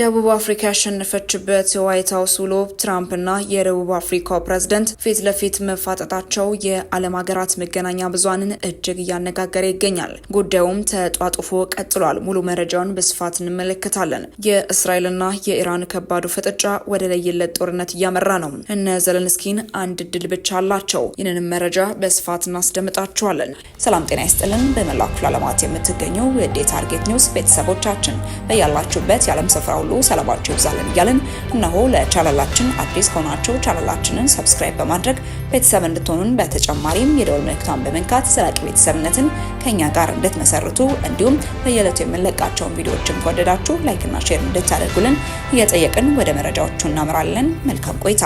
ደቡብ አፍሪካ ያሸነፈችበት የዋይት ሀውስ ውሎ ትራምፕና የደቡብ አፍሪካው ፕሬዝደንት ፊት ለፊት መፋጠጣቸው የዓለም ሀገራት መገናኛ ብዙሃንን እጅግ እያነጋገረ ይገኛል። ጉዳዩም ተጧጡፎ ቀጥሏል። ሙሉ መረጃውን በስፋት እንመለከታለን። የእስራኤልና የኢራን ከባዱ ፍጥጫ ወደ ለየለት ጦርነት እያመራ ነው። እነ ዘለንስኪን አንድ እድል ብቻ አላቸው። ይህንንም መረጃ በስፋት እናስደምጣችኋለን። ሰላም ጤና ይስጥልን። በመላ ክፍለ ዓለማት የምትገኙ የዴ ታርጌት ኒውስ ቤተሰቦቻችን በያላችሁበት የዓለም ስፍራ ሁሉ ሁሉ ሰላማቸው ይብዛልን እያልን እነሆ ለቻናላችን አዲስ ከሆናችሁ ቻናላችንን ሰብስክራይብ በማድረግ ቤተሰብ እንድትሆኑን በተጨማሪም የደወል ምልክቷን በመንካት ዘላቂ ቤተሰብነትን ከኛ ጋር እንድትመሰርቱ እንዲሁም በየዕለቱ የምንለቃቸውን ቪዲዮዎችን ከወደዳችሁ ላይክና ሼር እንድታደርጉልን እየጠየቅን ወደ መረጃዎቹ እናምራለን። መልካም ቆይታ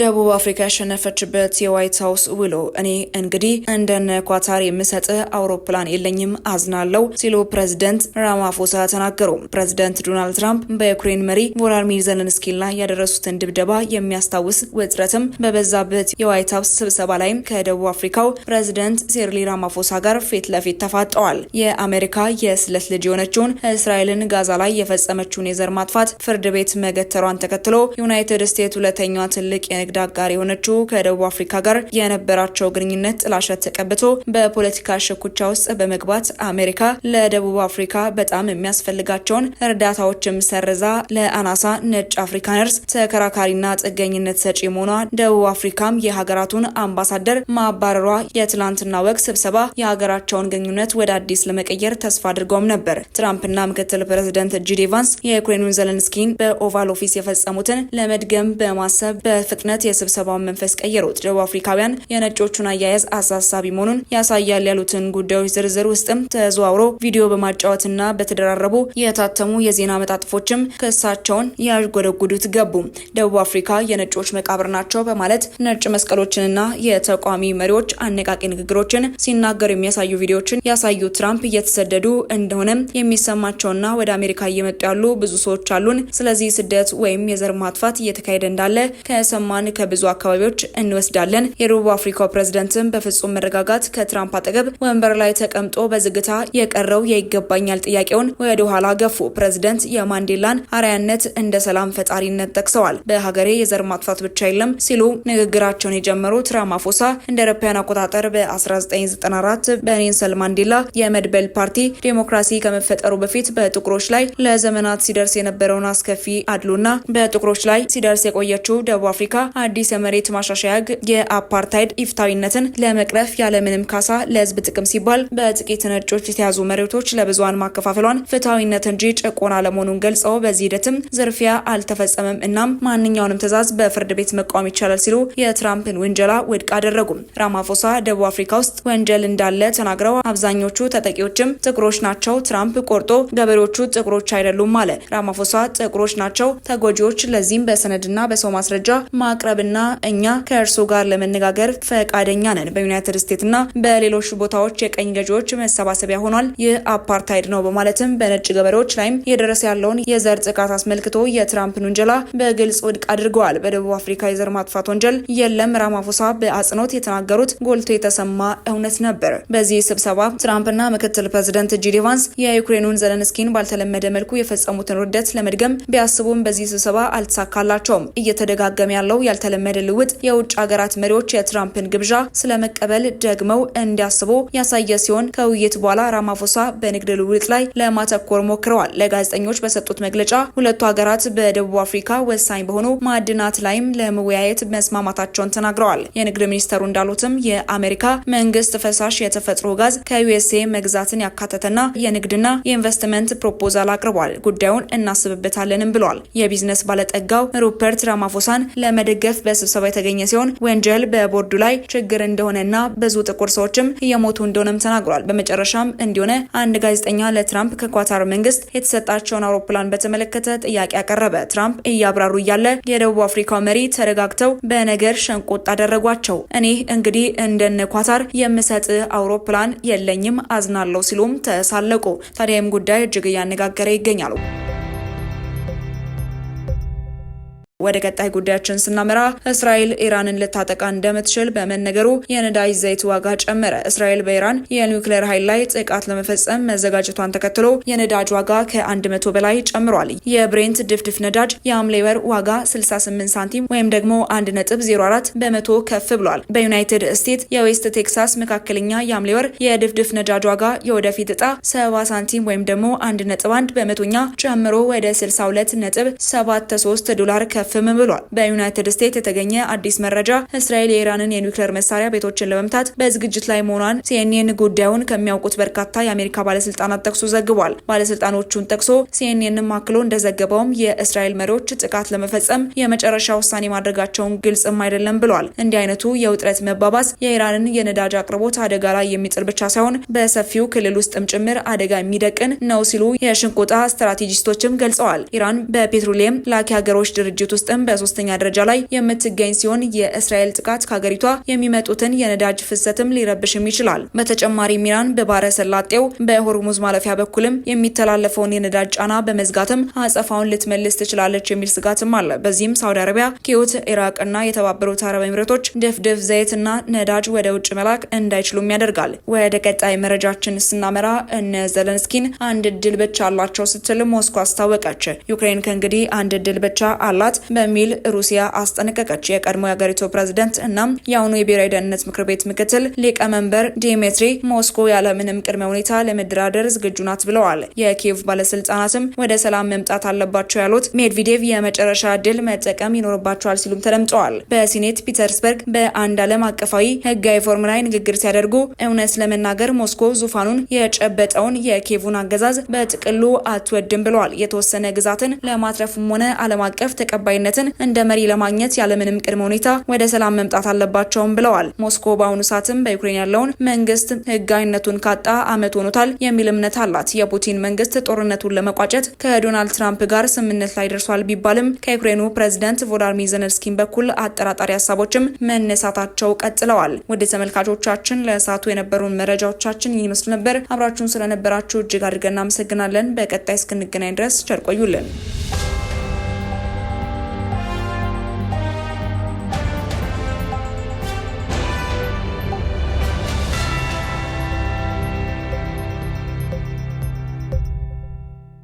ደቡብ አፍሪካ ያሸነፈችበት የዋይት ሀውስ ውሎ እኔ እንግዲህ እንደነ ኳታር የምሰጥ አውሮፕላን የለኝም አዝናለው ሲሉ ፕሬዚደንት ራማፎሳ ተናገሩ። ፕሬዚደንት ዶናልድ ትራምፕ በዩክሬን መሪ ቮሎዲሚር ዘለንስኪ ላይ ያደረሱትን ድብደባ የሚያስታውስ ውጥረትም በበዛበት የዋይት ሀውስ ስብሰባ ላይም ከደቡብ አፍሪካው ፕሬዚደንት ሴርሊ ራማፎሳ ጋር ፊት ለፊት ተፋጠዋል። የአሜሪካ የስለት ልጅ የሆነችውን እስራኤልን ጋዛ ላይ የፈጸመችውን የዘር ማጥፋት ፍርድ ቤት መገተሯን ተከትሎ ዩናይትድ ስቴትስ ሁለተኛ ትልቅ የንግድ አጋር የሆነችው ከደቡብ አፍሪካ ጋር የነበራቸው ግንኙነት ጥላሸት ተቀብቶ በፖለቲካ ሽኩቻ ውስጥ በመግባት አሜሪካ ለደቡብ አፍሪካ በጣም የሚያስፈልጋቸውን እርዳታዎችም ሰርዛ ለአናሳ ነጭ አፍሪካነርስ ተከራካሪና ጥገኝነት ሰጪ መሆኗ፣ ደቡብ አፍሪካም የሀገራቱን አምባሳደር ማባረሯ የትላንትና ወቅት ስብሰባ የሀገራቸውን ግንኙነት ወደ አዲስ ለመቀየር ተስፋ አድርገውም ነበር። ትራምፕና ምክትል ፕሬዚደንት ጂዲ ቫንስ የዩክሬኑን ዘለንስኪን በኦቫል ኦፊስ የፈጸሙትን ለመድገም በማሰብ በፍጥነት በእውነት የስብሰባውን መንፈስ ቀየሩት። ደቡብ አፍሪካውያን የነጮቹን አያያዝ አሳሳቢ መሆኑን ያሳያል ያሉትን ጉዳዮች ዝርዝር ውስጥም ተዘዋውሮ ቪዲዮ በማጫወትና በተደራረቡ የታተሙ የዜና መጣጥፎችም ክሳቸውን ያጎደጉዱት ገቡ። ደቡብ አፍሪካ የነጮች መቃብር ናቸው በማለት ነጭ መስቀሎችንና የተቋሚ መሪዎች አነቃቂ ንግግሮችን ሲናገሩ የሚያሳዩ ቪዲዮዎችን ያሳዩ ትራምፕ እየተሰደዱ እንደሆነም የሚሰማቸውና ወደ አሜሪካ እየመጡ ያሉ ብዙ ሰዎች አሉን። ስለዚህ ስደት ወይም የዘር ማጥፋት እየተካሄደ እንዳለ ከሰማ ምሁራን ከብዙ አካባቢዎች እንወስዳለን። የደቡብ አፍሪካው ፕሬዝደንትም በፍጹም መረጋጋት ከትራምፕ አጠገብ ወንበር ላይ ተቀምጦ በዝግታ የቀረው የይገባኛል ጥያቄውን ወደ ኋላ ገፉ። ፕሬዝደንት የማንዴላን አርያነት እንደ ሰላም ፈጣሪነት ጠቅሰዋል። በሀገሬ የዘር ማጥፋት ብቻ የለም ሲሉ ንግግራቸውን የጀመሩት ራማፎሳ እንደ አውሮፓውያን አቆጣጠር በ1994 በኔልሰን ማንዴላ የመድበል ፓርቲ ዴሞክራሲ ከመፈጠሩ በፊት በጥቁሮች ላይ ለዘመናት ሲደርስ የነበረውን አስከፊ አድሎና በጥቁሮች ላይ ሲደርስ የቆየችው ደቡብ አፍሪካ አዲስ የመሬት ማሻሻያ ህግ የአፓርታይድ ኢፍታዊነትን ለመቅረፍ ያለምንም ካሳ ለህዝብ ጥቅም ሲባል በጥቂት ነጮች የተያዙ መሬቶች ለብዙሀን ማከፋፈሏን ፍትሐዊነት እንጂ ጭቆና ለመሆኑን ገልጸው በዚህ ሂደትም ዝርፊያ አልተፈጸመም፣ እናም ማንኛውንም ትዕዛዝ በፍርድ ቤት መቃወም ይቻላል ሲሉ የትራምፕን ውንጀላ ውድቅ አደረጉም። ራማፎሳ ደቡብ አፍሪካ ውስጥ ወንጀል እንዳለ ተናግረው አብዛኞቹ ተጠቂዎችም ጥቁሮች ናቸው። ትራምፕ ቆርጦ ገበሬዎቹ ጥቁሮች አይደሉም አለ። ራማፎሳ ጥቁሮች ናቸው ተጎጂዎች፣ ለዚህም በሰነድና በሰው ማስረጃ ለማቅረብና እኛ ከእርሶ ጋር ለመነጋገር ፈቃደኛ ነን። በዩናይትድ ስቴትስና በሌሎች ቦታዎች የቀኝ ገዢዎች መሰባሰቢያ ሆኗል። ይህ አፓርታይድ ነው በማለትም በነጭ ገበሬዎች ላይም የደረሰ ያለውን የዘር ጥቃት አስመልክቶ የትራምፕን ውንጀላ በግልጽ ውድቅ አድርገዋል። በደቡብ አፍሪካ የዘር ማጥፋት ወንጀል የለም ራማፎሳ በአጽንኦት የተናገሩት ጎልቶ የተሰማ እውነት ነበር። በዚህ ስብሰባ ትራምፕና ምክትል ፕሬዚደንት ጂዲ ቫንስ የዩክሬኑን ዘለንስኪን ባልተለመደ መልኩ የፈጸሙትን ውርደት ለመድገም ቢያስቡም በዚህ ስብሰባ አልተሳካላቸውም። እየተደጋገመ ያለው ያልተለመደ ልውጥ የውጭ ሀገራት መሪዎች የትራምፕን ግብዣ ስለመቀበል ደግመው እንዲያስቡ ያሳየ ሲሆን ከውይይት በኋላ ራማፎሳ በንግድ ልውጥ ላይ ለማተኮር ሞክረዋል። ለጋዜጠኞች በሰጡት መግለጫ ሁለቱ ሀገራት በደቡብ አፍሪካ ወሳኝ በሆኑ ማዕድናት ላይም ለመወያየት መስማማታቸውን ተናግረዋል። የንግድ ሚኒስተሩ እንዳሉትም የአሜሪካ መንግስት ፈሳሽ የተፈጥሮ ጋዝ ከዩኤስኤ መግዛትን ያካተተና የንግድና የኢንቨስትመንት ፕሮፖዛል አቅርቧል። ጉዳዩን እናስብበታለንም ብለዋል። የቢዝነስ ባለጠጋው ሩፐርት ራማፎሳን ለመደ ደገፍ በስብሰባ የተገኘ ሲሆን ወንጀል በቦርዱ ላይ ችግር እንደሆነና ብዙ ጥቁር ሰዎችም እየሞቱ እንደሆነም ተናግሯል። በመጨረሻም እንዲሆነ አንድ ጋዜጠኛ ለትራምፕ ከኳታር መንግስት የተሰጣቸውን አውሮፕላን በተመለከተ ጥያቄ ያቀረበ ትራምፕ እያብራሩ እያለ የደቡብ አፍሪካው መሪ ተረጋግተው በነገር ሸንቆጥ አደረጓቸው። እኔ እንግዲህ እንደነ ኳታር የምሰጥ አውሮፕላን የለኝም አዝናለሁ ሲሉም ተሳለቁ። ታዲያም ጉዳይ እጅግ እያነጋገረ ይገኛሉ። ወደ ቀጣይ ጉዳያችን ስናመራ እስራኤል ኢራንን ልታጠቃ እንደምትችል በመነገሩ የነዳጅ ዘይት ዋጋ ጨመረ። እስራኤል በኢራን የኒውክሌር ኃይል ላይ ጥቃት ለመፈጸም መዘጋጀቷን ተከትሎ የነዳጅ ዋጋ ከ100 በላይ ጨምሯል። የብሬንት ድፍድፍ ነዳጅ የሐምሌ ወር ዋጋ 68 ሳንቲም ወይም ደግሞ 1.04 በመቶ ከፍ ብሏል። በዩናይትድ ስቴትስ የዌስት ቴክሳስ መካከለኛ የሐምሌ ወር የድፍድፍ ነዳጅ ዋጋ የወደፊት እጣ 70 ሳንቲም ወይም ደግሞ 1.1 በመቶኛ ጨምሮ ወደ 62.73 ዶላር ከፍ አይሸፍም ብሏል። በዩናይትድ ስቴትስ የተገኘ አዲስ መረጃ እስራኤል የኢራንን የኒውክሌር መሳሪያ ቤቶችን ለመምታት በዝግጅት ላይ መሆኗን ሲኤንኤን ጉዳዩን ከሚያውቁት በርካታ የአሜሪካ ባለስልጣናት ጠቅሶ ዘግቧል። ባለስልጣኖቹን ጠቅሶ ሲኤንኤንም አክሎ እንደዘገበውም የእስራኤል መሪዎች ጥቃት ለመፈጸም የመጨረሻ ውሳኔ ማድረጋቸውን ግልጽም አይደለም ብሏል። እንዲህ አይነቱ የውጥረት መባባስ የኢራንን የነዳጅ አቅርቦት አደጋ ላይ የሚጥል ብቻ ሳይሆን በሰፊው ክልል ውስጥም ጭምር አደጋ የሚደቅን ነው ሲሉ የሽንቆጣ ስትራቴጂስቶችም ገልጸዋል። ኢራን በፔትሮሊየም ላኪ ሀገሮች ድርጅት ውስጥ ውስጥም በሶስተኛ ደረጃ ላይ የምትገኝ ሲሆን የእስራኤል ጥቃት ከሀገሪቷ የሚመጡትን የነዳጅ ፍሰትም ሊረብሽም ይችላል። በተጨማሪም ኢራን በባህረ ሰላጤው በሆርሙዝ ማለፊያ በኩልም የሚተላለፈውን የነዳጅ ጫና በመዝጋትም አጸፋውን ልትመልስ ትችላለች የሚል ስጋትም አለ። በዚህም ሳውዲ አረቢያ፣ ኪዮት፣ ኢራቅና የተባበሩት አረብ ኤምሬቶች ድፍድፍ ዘይትና ነዳጅ ወደ ውጭ መላክ እንዳይችሉም ያደርጋል። ወደ ቀጣይ መረጃችን ስናመራ እነ ዘለንስኪን አንድ እድል ብቻ አላቸው ስትል ሞስኮ አስታወቀች። ዩክሬን ከእንግዲህ አንድ እድል ብቻ አላት። በሚል ሩሲያ አስጠነቀቀች። የቀድሞ የአገሪቱ ፕሬዝደንት እና የአሁኑ የብሔራዊ ደህንነት ምክር ቤት ምክትል ሊቀመንበር ዲሜትሪ ሞስኮ ያለምንም ቅድመ ሁኔታ ለመደራደር ዝግጁ ናት ብለዋል። የኪየቭ ባለስልጣናትም ወደ ሰላም መምጣት አለባቸው ያሉት ሜድቪዴቭ የመጨረሻ ድል መጠቀም ይኖርባቸዋል ሲሉም ተደምጠዋል። በሲኔት ፒተርስበርግ በአንድ ዓለም አቀፋዊ ህጋዊ ፎርም ላይ ንግግር ሲያደርጉ እውነት ለመናገር ሞስኮ ዙፋኑን የጨበጠውን የኪየቭን አገዛዝ በጥቅሉ አትወድም ብለዋል። የተወሰነ ግዛትን ለማትረፍም ሆነ ዓለም አቀፍ ተቀባይነት የበላይነትን እንደ መሪ ለማግኘት ያለምንም ቅድመ ሁኔታ ወደ ሰላም መምጣት አለባቸውም ብለዋል። ሞስኮ በአሁኑ ሰዓትም በዩክሬን ያለውን መንግስት ህጋዊነቱን ካጣ አመት ሆኖታል የሚል እምነት አላት። የፑቲን መንግስት ጦርነቱን ለመቋጨት ከዶናልድ ትራምፕ ጋር ስምምነት ላይ ደርሷል ቢባልም ከዩክሬኑ ፕሬዝደንት ቮሎዲሚር ዘለንስኪን በኩል አጠራጣሪ ሀሳቦችም መነሳታቸው ቀጥለዋል። ወደ ተመልካቾቻችን ለእሳቱ የነበሩን መረጃዎቻችን ይመስሉ ነበር። አብራችሁን ስለነበራችሁ እጅግ አድርገን እናመሰግናለን። በቀጣይ እስክንገናኝ ድረስ ቸር ቆዩልን።